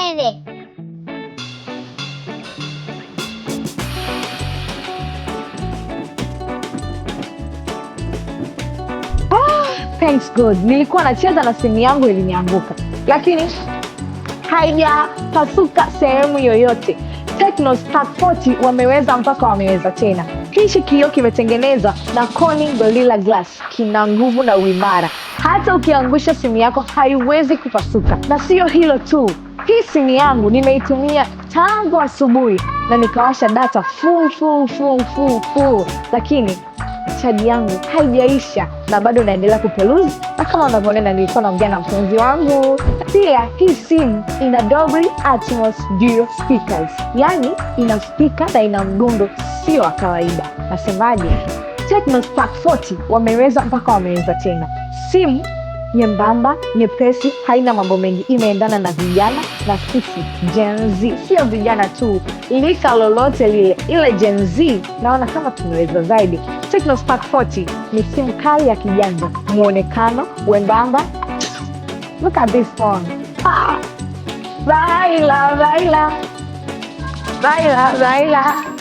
Meyve. Ah, thanks God. Nilikuwa nacheza na simu yangu ilinianguka, lakini haijapasuka sehemu yoyote. Tecno Spark 40 wameweza mpaka wameweza tena. Hichi kioo kimetengenezwa na Corning Gorilla Glass, kina nguvu na uimara, hata ukiangusha simu yako haiwezi kupasuka. Na siyo hilo tu hii simu yangu nimeitumia tangu asubuhi na nikawasha data full full full full full, lakini chaji yangu haijaisha na bado naendelea kupeluzi, na kama unavyoona nilikuwa naongea na mpenzi wangu. Pia hii simu ina Dolby Atmos dual speakers, yaani ina spika na ina mdundo sio wa kawaida. Nasemaje, Tecno Spark 40 wameweza mpaka wameweza tena simu nyembamba, nyepesi, haina mambo mengi, imeendana na vijana na sisi Gen Z. Sio vijana tu, lika lolote lile, ile Gen Z naona kama tunaweza zaidi. Tecno Spark 40 ni simu kali ya kijanja, mwonekano wembamba. Look at this phone. Ah, baila baila baila baila